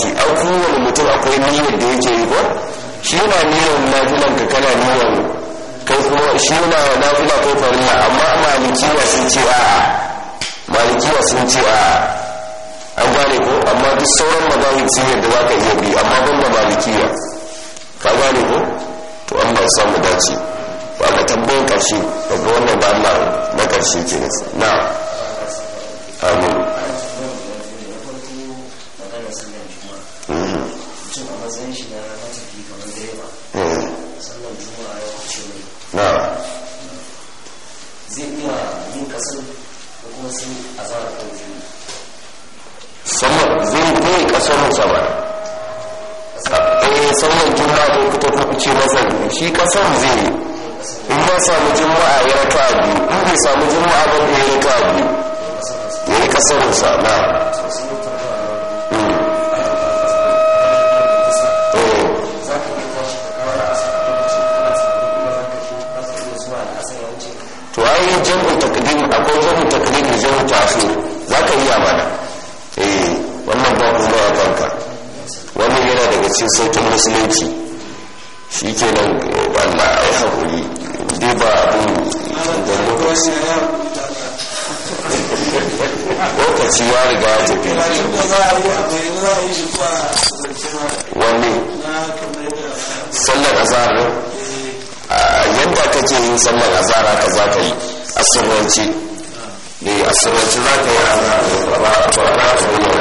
[SPEAKER 1] ce a kowane mutum akwai niyyar da yake yi ko shi na niyyar nafilan ka kana niyyar kai kuma shi na nafila kai farilla amma malikiya sun ce a malikiya sun ce a an gane ko amma duk sauran mazahib sun yadda za ka iya bi amma ban da malikiya ka gane ko to an ba samu dace ba ka tambayin karshe daga wannan ba na karshe ke na amin na zai iya yin kasar da kuma sun asara kan jini sama zai iya yi kasar sama eh sauran juma'a ko fito ko fice masa shi kasar zai yi in ya samu juma'a ya raka biyu in bai samu juma'a ba ya raka biyu ya yi kasar sa na je mu taso za ka yi mana eh wannan ba ku zuwa kanka wannan yana daga cikin sautin musulunci shi ke nan wanda a yi haƙuri dai ba abin da lokaci lokaci ya riga ya tafi wanne sallar azhar ah, yadda kake yin sallar azhar ka za ka yi asirwanci da eh, ya asirance za ta yi azara da ba a ba ta yi wani ba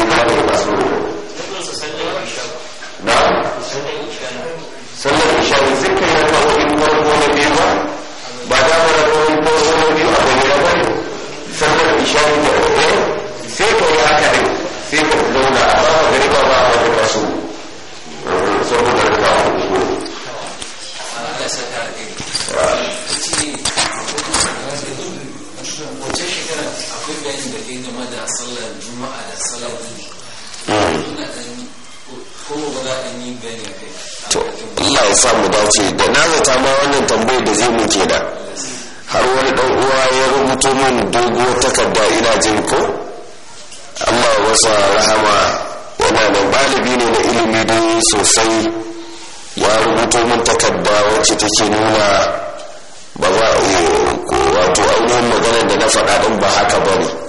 [SPEAKER 1] inda ba ta ba su na sallar ishari zai kai ya kawo in farko na biyu ba ba ta ba da farko na biyu a bayyana ba sallar ishari da ɗaya sai ka yi haka da da ya game da sallar juma'a da sallar to Allah ya sa mu dace da na zata ma wannan tambayar da zai muke da har wani dan uwa ya rubuto min doguwar takarda ina jin ko Allah ya wasa rahama yana da balibi ne na ilimi da sosai ya rubuto min takarda wacce take nuna ba za a wato ainihin maganar da na faɗa ɗin ba haka ba ne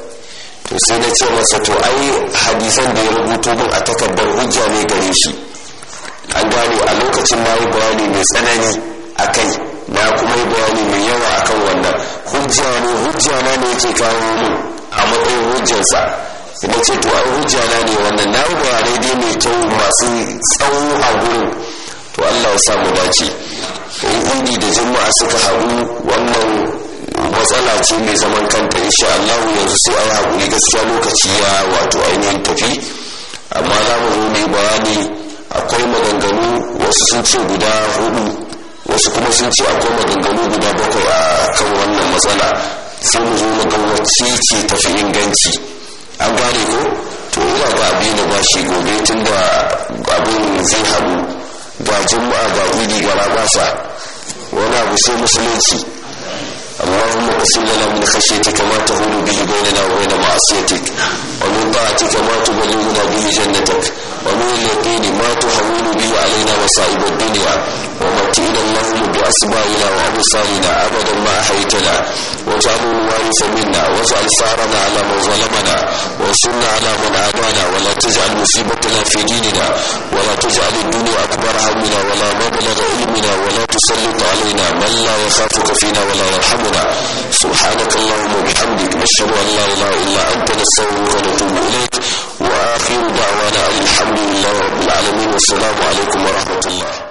[SPEAKER 1] to sai na ce masa to ai hadisan da ya rubuto min a takardar hujja ne gare shi an gane a lokacin na yi bayani mai tsanani a kai na kuma yi bayani mai yawa akan wannan hujja ne hujja na ne yake kawo min a matsayin hujjansa na ce to ai hujja na ne wannan na yi bayanai dai mai kyau masu tsawo a gurin to allah ya samu dace in indi da juma'a suka haɗu wannan matsala ce mai zaman kanta insha Allah yanzu sai a haƙuri gaskiya lokaci ya wato ainihin tafi amma za mu zo mai bayani akwai maganganu wasu sun ce guda hudu wasu kuma sun ce akwai maganganu guda bakwai a kan wannan matsala sai mu zo mu ga wacce ce tafi inganci an gane ko to ina ba abin da bashi gobe tun da abin zai haɗu ba juma'a ga idi ga rabasa wani abu sai musulunci اللهم اقسم لنا من خشيتك ما تهون به بيننا وبين معصيتك ومن طاعتك ما تبلغنا به جنتك ومن اليقين ما تحول به علينا مصائب الدنيا ومتئنا اللهم بأسمائنا وأبصارنا أبدا ما أحيتنا واجعل الوارث منا واجعل ثارنا على من ظلمنا وانصرنا على من عادانا ولا تجعل مصيبتنا في ديننا ولا تجعل الدنيا أكبر همنا ولا مبلغ علمنا ولا تسلط علينا من لا يخافك فينا ولا يرحمنا سبحانك اللهم وبحمدك نشهد أن لا إله إلا أنت نستغفرك ونتوب إليك وآخر دعوانا أن الحمد الحمد لله رب العالمين والسلام عليكم ورحمة الله